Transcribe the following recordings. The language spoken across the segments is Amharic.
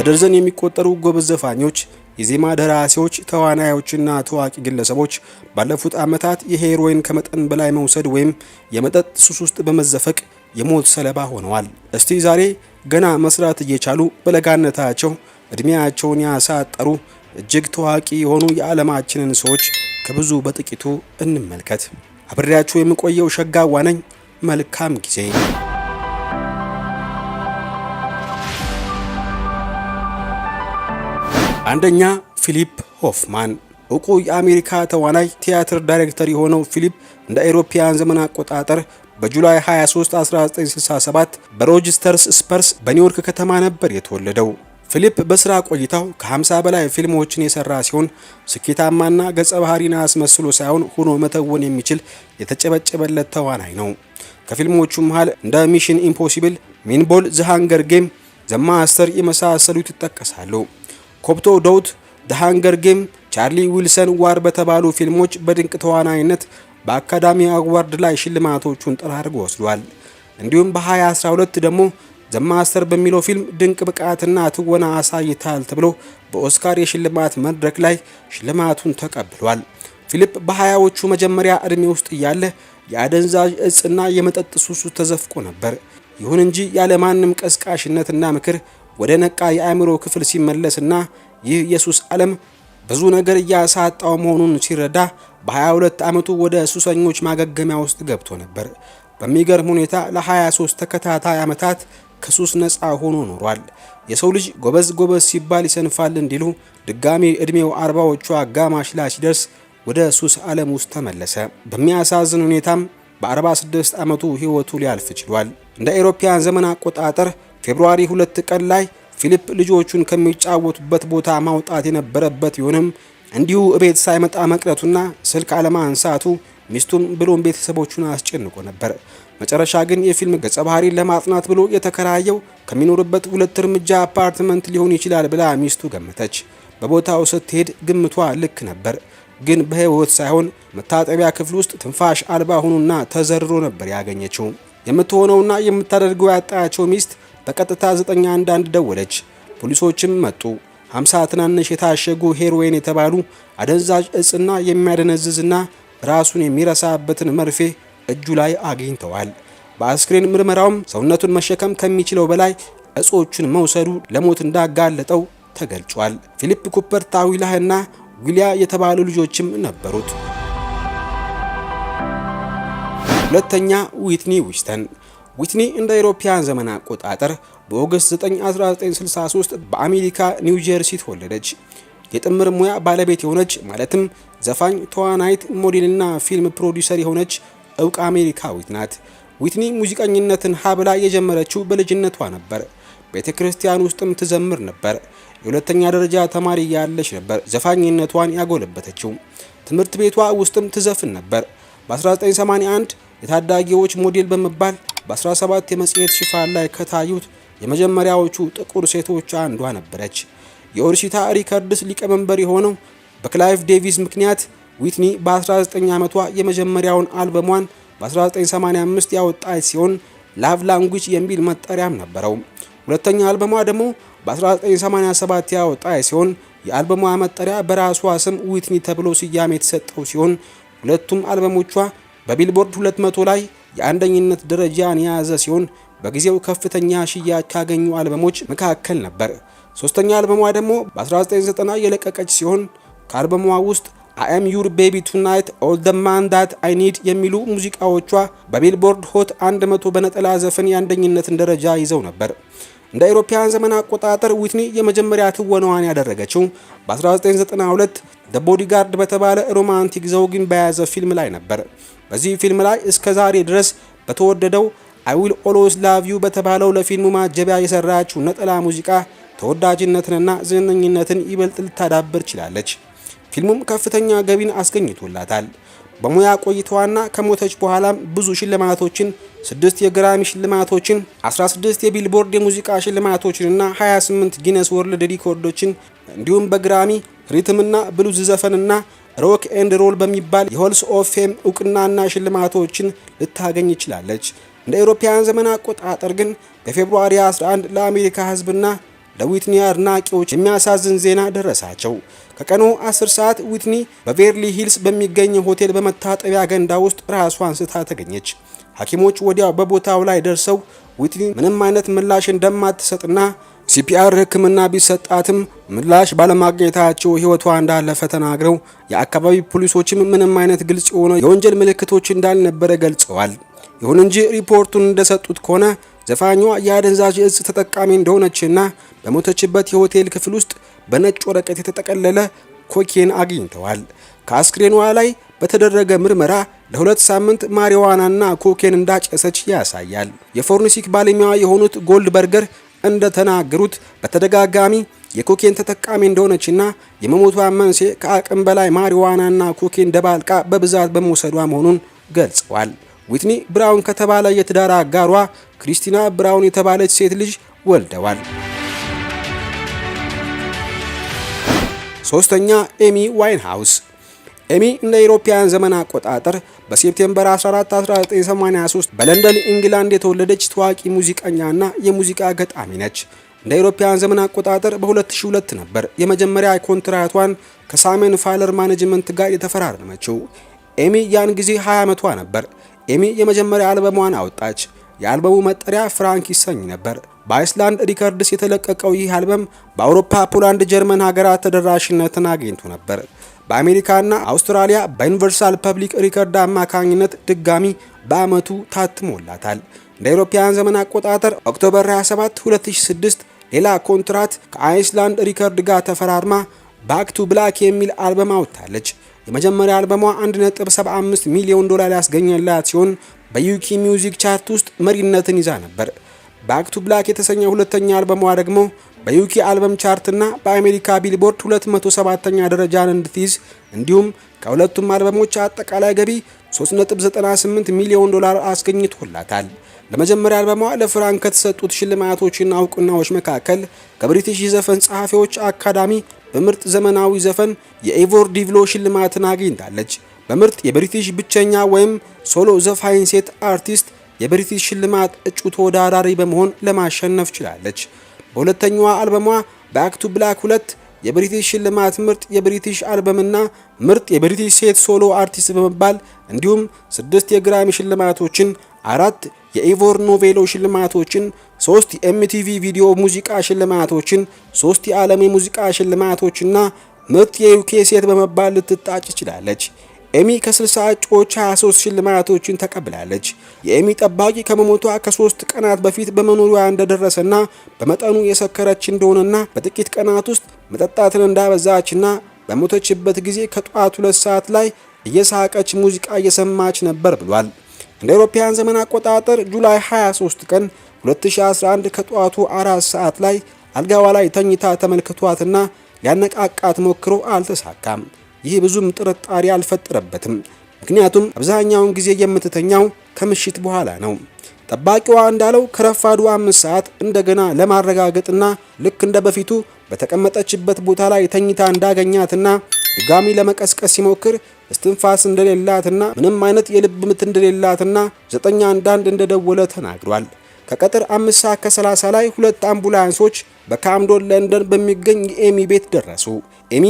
በደርዘን የሚቆጠሩ ጎበዝ ዘፋኞች፣ የዜማ ደራሲዎች፣ ተዋናዮችና ታዋቂ ግለሰቦች ባለፉት ዓመታት የሄሮይን ከመጠን በላይ መውሰድ ወይም የመጠጥ ሱስ ውስጥ በመዘፈቅ የሞት ሰለባ ሆነዋል። እስቲ ዛሬ ገና መስራት እየቻሉ በለጋነታቸው እድሜያቸውን ያሳጠሩ እጅግ ታዋቂ የሆኑ የዓለማችንን ሰዎች ከብዙ በጥቂቱ እንመልከት። አብሬያችሁ የምቆየው ሸጋዋ ነኝ። መልካም ጊዜ አንደኛ ፊሊፕ ሆፍማን እውቁ የአሜሪካ ተዋናይ ቲያትር ዳይሬክተር የሆነው ፊሊፕ እንደ አውሮፓውያን ዘመን አቆጣጠር በጁላይ 23 1967 በሮጅስተርስ ስፐርስ በኒውዮርክ ከተማ ነበር የተወለደው። ፊሊፕ በስራ ቆይታው ከ50 በላይ ፊልሞችን የሰራ ሲሆን ስኬታማና ገጸ ባህሪን አስመስሎ ሳይሆን ሆኖ መተወን የሚችል የተጨበጨበለት ተዋናይ ነው። ከፊልሞቹ መሃል እንደ ሚሽን ኢምፖሲብል፣ ሚንቦል፣ ዘሃንገር ጌም፣ ዘማስተር የመሳሰሉት ይጠቀሳሉ። ኮፕቶ ዶውት፣ ደ ሃንገር ጌም፣ ቻርሊ ዊልሰን ዋር በተባሉ ፊልሞች በድንቅ ተዋናይነት በአካዳሚ አዋርድ ላይ ሽልማቶቹን ጠራርጎ ወስዷል። እንዲሁም በ2012 ደግሞ ዘማስተር በሚለው ፊልም ድንቅ ብቃትና ትወና አሳይታል ተብሎ በኦስካር የሽልማት መድረክ ላይ ሽልማቱን ተቀብሏል። ፊሊፕ በሀያዎቹ መጀመሪያ ዕድሜ ውስጥ እያለ የአደንዛዥ እጽና የመጠጥ ሱሱ ተዘፍቆ ነበር። ይሁን እንጂ ያለ ማንም ቀስቃሽነትና ምክር ወደ ነቃ የአእምሮ ክፍል ሲመለስና ይህ የሱስ ዓለም ብዙ ነገር እያሳጣው መሆኑን ሲረዳ በ22 ዓመቱ ወደ ሱሰኞች ማገገሚያ ውስጥ ገብቶ ነበር። በሚገርም ሁኔታ ለ23 ተከታታይ ዓመታት ከሱስ ነፃ ሆኖ ኖሯል። የሰው ልጅ ጎበዝ ጎበዝ ሲባል ይሰንፋል እንዲሉ ድጋሚ ዕድሜው አርባዎቹ አጋማሽ ላይ ሲደርስ ወደ ሱስ ዓለም ውስጥ ተመለሰ። በሚያሳዝን ሁኔታም በ46 ዓመቱ ሕይወቱ ሊያልፍ ችሏል። እንደ ኤሮፓያን ዘመን አቆጣጠር ፌብሩዋሪ ሁለት ቀን ላይ ፊሊፕ ልጆቹን ከሚጫወቱበት ቦታ ማውጣት የነበረበት ቢሆንም እንዲሁ እቤት ሳይመጣ መቅረቱና ስልክ አለማንሳቱ ሚስቱን ብሎም ቤተሰቦቹን አስጨንቆ ነበር። መጨረሻ ግን የፊልም ገጸ ባህሪን ለማጥናት ብሎ የተከራየው ከሚኖርበት ሁለት እርምጃ አፓርትመንት ሊሆን ይችላል ብላ ሚስቱ ገመተች። በቦታው ስትሄድ ግምቷ ልክ ነበር። ግን በህይወት ሳይሆን መታጠቢያ ክፍል ውስጥ ትንፋሽ አልባ ሆኖና ተዘርሮ ነበር ያገኘችው። የምትሆነውና የምታደርገው ያጣያቸው ሚስት በቀጥታ 911 ደወለች። ፖሊሶችም መጡ። 50 ትናንሽ የታሸጉ ሄሮይን የተባሉ አደንዛዥ እጽና የሚያደነዝዝና ራሱን የሚረሳበትን መርፌ እጁ ላይ አግኝተዋል። በአስክሬን ምርመራውም ሰውነቱን መሸከም ከሚችለው በላይ እጾቹን መውሰዱ ለሞት እንዳጋለጠው ተገልጿል። ፊሊፕ ኩፐር ታዊላህና ዊሊያ የተባሉ ልጆችም ነበሩት። ሁለተኛ ዊትኒ ዊስተን ዊትኒ እንደ አውሮፓውያን ዘመን አቆጣጠር በኦገስት 9 1963 በአሜሪካ ኒው ጀርሲ ተወለደች። የጥምር ሙያ ባለቤት የሆነች ማለትም ዘፋኝ፣ ተዋናይት፣ ሞዴልና ፊልም ፕሮዲውሰር የሆነች እውቅ አሜሪካዊት ናት። ዊትኒ ሙዚቀኝነትን ሀብላ የጀመረችው በልጅነቷ ነበር። ቤተ ክርስቲያን ውስጥም ትዘምር ነበር። የሁለተኛ ደረጃ ተማሪ ያለች ነበር ዘፋኝነቷን ያጎለበተችው። ትምህርት ቤቷ ውስጥም ትዘፍን ነበር። በ1981 የታዳጊዎች ሞዴል በመባል በ17 የመጽሔት ሽፋን ላይ ከታዩት የመጀመሪያዎቹ ጥቁር ሴቶች አንዷ ነበረች። የኦርሲታ ሪከርድስ ሊቀመንበር የሆነው በክላይቭ ዴቪስ ምክንያት ዊትኒ በ19 ዓመቷ የመጀመሪያውን አልበሟን በ1985 ያወጣች ሲሆን ላቭ ላንጉጅ የሚል መጠሪያም ነበረው። ሁለተኛ አልበሟ ደግሞ በ1987 ያወጣች ሲሆን የአልበሟ መጠሪያ በራሷ ስም ዊትኒ ተብሎ ስያሜ የተሰጠው ሲሆን ሁለቱም አልበሞቿ በቢልቦርድ 200 ላይ የአንደኝነት ደረጃን የያዘ ሲሆን በጊዜው ከፍተኛ ሽያጭ ካገኙ አልበሞች መካከል ነበር። ሶስተኛ አልበሟ ደግሞ በ1990 የለቀቀች ሲሆን ከአልበሟ ውስጥ አም ዩር ቤቢ ቱናይት ኦል ደ ማን ዳት አይ ኒድ የሚሉ ሙዚቃዎቿ በቢልቦርድ ሆት 100 በነጠላ ዘፈን የአንደኝነትን ደረጃ ይዘው ነበር። እንደ አውሮፓውያን ዘመን አቆጣጠር ዊትኒ የመጀመሪያ ትወናዋን ያደረገችው በ1992 ደ ቦዲጋርድ በተባለ ሮማንቲክ ዘውግን በያዘ ፊልም ላይ ነበር። በዚህ ፊልም ላይ እስከ ዛሬ ድረስ በተወደደው አይዊል ኦሎስ ላቭ ዩ በተባለው ለፊልሙ ማጀቢያ የሰራችው ነጠላ ሙዚቃ ተወዳጅነትንና ዝነኝነትን ይበልጥ ልታዳብር ችላለች። ፊልሙም ከፍተኛ ገቢን አስገኝቶላታል። በሙያ ቆይታዋና ከሞተች በኋላም ብዙ ሽልማቶችን ስድስት የግራሚ ሽልማቶችን 16 የቢልቦርድ የሙዚቃ ሽልማቶችንና 28 ጊነስ ወርልድ ሪኮርዶችን እንዲሁም በግራሚ ሪትምና ብሉዝ ዘፈንና ሮክ ኤንድ ሮል በሚባል የሆልስ ኦፍ ፌም እውቅናና ሽልማቶችን ልታገኝ ይችላለች። እንደ አውሮፓውያን ዘመን አቆጣጠር ግን በፌብሩዋሪ 11 ለአሜሪካ ህዝብና ለዊትኒ አድናቂዎች የሚያሳዝን ዜና ደረሳቸው። ከቀኑ 10 ሰዓት ዊትኒ በቬርሊ ሂልስ በሚገኝ ሆቴል በመታጠቢያ ገንዳ ውስጥ ራሷን ስታ ተገኘች። ሐኪሞች ወዲያው በቦታው ላይ ደርሰው ዊትኒ ምንም አይነት ምላሽ እንደማትሰጥና ሲፒአር ሕክምና ቢሰጣትም ምላሽ ባለማግኘታቸው ሕይወቷ እንዳለፈ ተናግረው የአካባቢ ፖሊሶችም ምንም አይነት ግልጽ የሆነ የወንጀል ምልክቶች እንዳልነበረ ገልጸዋል። ይሁን እንጂ ሪፖርቱን እንደሰጡት ከሆነ ዘፋኟ የአደንዛዥ እጽ ተጠቃሚ እንደሆነችና በሞተችበት የሆቴል ክፍል ውስጥ በነጭ ወረቀት የተጠቀለለ ኮኬን አግኝተዋል። ከአስክሬኗ ላይ በተደረገ ምርመራ ለሁለት ሳምንት ማሪዋናና ኮኬን እንዳጨሰች ያሳያል። የፎርኒሲክ ባለሙያ የሆኑት ጎልድ በርገር እንደተናገሩት በተደጋጋሚ የኮኬን ተጠቃሚ እንደሆነችና የመሞቷ መንስኤ ከአቅም በላይ ማሪዋናና ኮኬን ደባልቃ በብዛት በመውሰዷ መሆኑን ገልጸዋል። ዊትኒ ብራውን ከተባለ የትዳር አጋሯ ክሪስቲና ብራውን የተባለች ሴት ልጅ ወልደዋል። ሶስተኛ ኤሚ ዋይንሃውስ። ኤሚ እንደ አውሮፓውያን ዘመን አቆጣጠር በሴፕቴምበር 14 1983 በለንደን ኢንግላንድ የተወለደች ታዋቂ ሙዚቀኛና የሙዚቃ ገጣሚ ነች። እንደ አውሮፓውያን ዘመን አቆጣጠር በ2002 ነበር የመጀመሪያ ኮንትራቷን ከሳሜን ፋለር ማኔጅመንት ጋር የተፈራረመችው። ኤሚ ያን ጊዜ 20 ዓመቷ ነበር። ኤሚ የመጀመሪያ አልበሟን አወጣች። የአልበሙ መጠሪያ ፍራንክ ይሰኝ ነበር። በአይስላንድ ሪከርድስ የተለቀቀው ይህ አልበም በአውሮፓ፣ ፖላንድ፣ ጀርመን ሀገራት ተደራሽነትን አግኝቶ ነበር። በአሜሪካና አውስትራሊያ በዩኒቨርሳል ፐብሊክ ሪከርድ አማካኝነት ድጋሚ በአመቱ ታትሞላታል። እንደ አውሮፓውያን ዘመን አቆጣጠር ኦክቶበር 27 2006 ሌላ ኮንትራት ከአይስላንድ ሪከርድ ጋር ተፈራርማ ባክ ቱ ብላክ የሚል አልበም አውጥታለች። የመጀመሪያ አልበሟ 1.75 ሚሊዮን ዶላር ያስገኘላት ሲሆን በዩኪ ሚውዚክ ቻርት ውስጥ መሪነትን ይዛ ነበር። ባክ ቱ ብላክ የተሰኘ ሁለተኛ አልበሟ ደግሞ በዩኪ አልበም ቻርትና በአሜሪካ ቢልቦርድ 207ኛ ደረጃን እንድትይዝ እንዲሁም ከሁለቱም አልበሞች አጠቃላይ ገቢ 3.98 ሚሊዮን ዶላር አስገኝቶላታል። ለመጀመሪያ አልበሟ ለፍራንክ ከተሰጡት ሽልማቶችና እውቅናዎች መካከል ከብሪቲሽ የዘፈን ጸሐፊዎች አካዳሚ በምርጥ ዘመናዊ ዘፈን የኢቮር ዲቭሎ ሽልማትን አግኝታለች። በምርጥ የብሪቲሽ ብቸኛ ወይም ሶሎ ዘፋኝ ሴት አርቲስት የብሪቲሽ ሽልማት እጩ ተወዳዳሪ በመሆን ለማሸነፍ ችላለች። በሁለተኛዋ አልበሟ ባክ ቱ ብላክ 2 የብሪቲሽ ሽልማት ምርጥ የብሪቲሽ አልበምና ምርጥ የብሪቲሽ ሴት ሶሎ አርቲስት በመባል እንዲሁም ስድስት የግራሚ ሽልማቶችን፣ አራት የኢቮር ኖቬሎ ሽልማቶችን፣ ሶስት የኤምቲቪ ቪዲዮ ሙዚቃ ሽልማቶችን፣ ሶስት የዓለም የሙዚቃ ሽልማቶችና ምርጥ የዩኬ ሴት በመባል ልትጣጭ ችላለች። ኤሚ ከ60 እጩዎች 23 ሽልማቶችን ተቀብላለች። የኤሚ ጠባቂ ከመሞቷ ከሶስት ቀናት በፊት በመኖሪያ እንደደረሰና በመጠኑ የሰከረች እንደሆነና በጥቂት ቀናት ውስጥ መጠጣትን እንዳበዛችና በሞተችበት ጊዜ ከጠዋት ሁለት ሰዓት ላይ እየሳቀች ሙዚቃ እየሰማች ነበር ብሏል። እንደ አውሮፓውያን ዘመን አቆጣጠር ጁላይ 23 ቀን 2011 ከጠዋቱ 4 ሰዓት ላይ አልጋዋ ላይ ተኝታ ተመልክቷትና ሊያነቃቃት ሞክሮ አልተሳካም። ይህ ብዙም ጥርጣሬ አልፈጠረበትም። ምክንያቱም አብዛኛውን ጊዜ የምትተኛው ከምሽት በኋላ ነው። ጠባቂዋ እንዳለው ከረፋዱ አምስት ሰዓት እንደገና ለማረጋገጥና ልክ እንደ በፊቱ በተቀመጠችበት ቦታ ላይ ተኝታ እንዳገኛትና ድጋሚ ለመቀስቀስ ሲሞክር እስትንፋስ እንደሌላትና ምንም አይነት የልብ ምት እንደሌላትና ዘጠኝ አንዳንድ እንደደወለ ተናግሯል። ከቀጥር አምስት ሰዓት ከሰላሳ ላይ ሁለት አምቡላንሶች በካምዶን ለንደን በሚገኝ የኤሚ ቤት ደረሱ። ኤሚ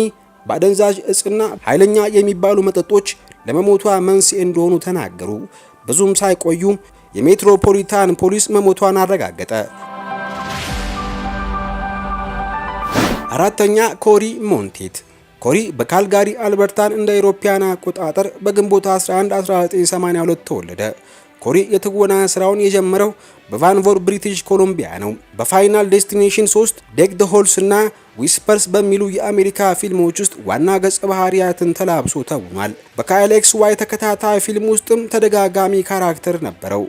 በአደንዛዥ እጽና ኃይለኛ የሚባሉ መጠጦች ለመሞቷ መንስኤ እንደሆኑ ተናገሩ። ብዙም ሳይቆዩ የሜትሮፖሊታን ፖሊስ መሞቷን አረጋገጠ። አራተኛ ኮሪ ሞንቴት። ኮሪ በካልጋሪ አልበርታን እንደ አውሮፓውያን አቆጣጠር በግንቦት 11 1982 ተወለደ። ኮሪ የትወና ስራውን የጀመረው በቫንቮር ብሪቲሽ ኮሎምቢያ ነው። በፋይናል ዴስቲኔሽን 3 ዴክ ደ ሆልስ እና ዊስፐርስ በሚሉ የአሜሪካ ፊልሞች ውስጥ ዋና ገጸ ባህሪያትን ተላብሶ ተውኗል። በካይል ኤክስ ዋይ ተከታታይ ፊልም ውስጥም ተደጋጋሚ ካራክተር ነበረው።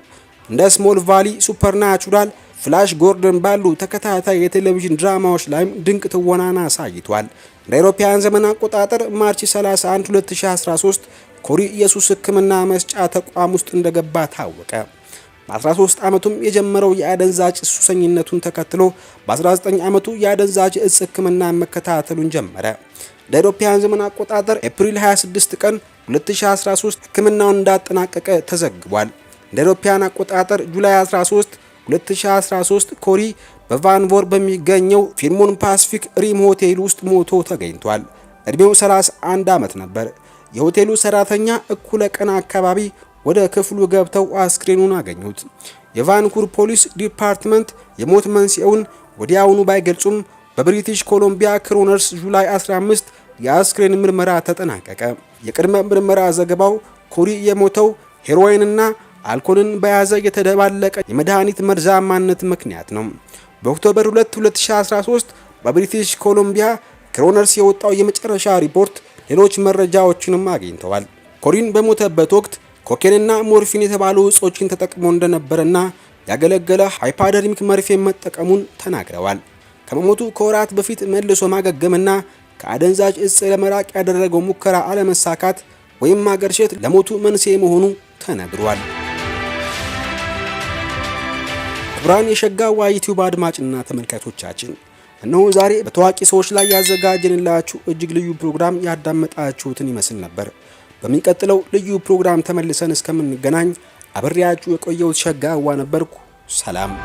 እንደ ስሞል ቫሊ፣ ሱፐርናቹራል፣ ፍላሽ ጎርደን ባሉ ተከታታይ የቴሌቪዥን ድራማዎች ላይም ድንቅ ትወናን አሳይቷል። እንደ አውሮፓውያን ዘመን አቆጣጠር ማርች 31 2013 ኮሪ ኢየሱስ ሕክምና መስጫ ተቋም ውስጥ እንደገባ ታወቀ። በ13 ዓመቱም የጀመረው የአደንዛጭ ሱሰኝነቱን ተከትሎ በ19 ዓመቱ የአደንዛጭ እጽ ሕክምና መከታተሉን ጀመረ። እንደ አውሮፓውያን ዘመን አቆጣጠር ኤፕሪል 26 ቀን 2013 ሕክምናውን እንዳጠናቀቀ ተዘግቧል። እንደ አውሮፓውያን አቆጣጠር ጁላይ 13 2013 ኮሪ በቫንቮር በሚገኘው ፊልሞን ፓሲፊክ ሪም ሆቴል ውስጥ ሞቶ ተገኝቷል። እድሜው 31 ዓመት ነበር። የሆቴሉ ሰራተኛ እኩለ ቀን አካባቢ ወደ ክፍሉ ገብተው አስክሬኑን አገኙት። የቫንኩር ፖሊስ ዲፓርትመንት የሞት መንስኤውን ወዲያውኑ ባይገልጹም በብሪቲሽ ኮሎምቢያ ክሮነርስ ጁላይ 15 የአስክሬን ምርመራ ተጠናቀቀ። የቅድመ ምርመራ ዘገባው ኩሪ የሞተው ሄሮይንና አልኮልን በያዘ የተደባለቀ የመድኃኒት መርዛማነት ምክንያት ነው። በኦክቶበር 2 2013 በብሪቲሽ ኮሎምቢያ ክሮነርስ የወጣው የመጨረሻ ሪፖርት ሌሎች መረጃዎችንም አግኝተዋል። ኮሪን በሞተበት ወቅት ኮኬንና ሞርፊን የተባሉ እጾችን ተጠቅሞ እንደነበረና ያገለገለ ሃይፓደርሚክ መርፌ መጠቀሙን ተናግረዋል። ከመሞቱ ከወራት በፊት መልሶ ማገገምና ከአደንዛዥ እጽ ለመራቅ ያደረገው ሙከራ አለመሳካት ወይም ማገርሸት ለሞቱ መንስኤ መሆኑ ተነግሯል። ክቡራን የሸጋዋ ዩቲዩብ አድማጭና ተመልካቾቻችን እነሆ ዛሬ በታዋቂ ሰዎች ላይ ያዘጋጀንላችሁ እጅግ ልዩ ፕሮግራም ያዳመጣችሁትን ይመስል ነበር። በሚቀጥለው ልዩ ፕሮግራም ተመልሰን እስከምንገናኝ አብሬያችሁ የቆየሁት ሸጋዋ ነበርኩ። ሰላም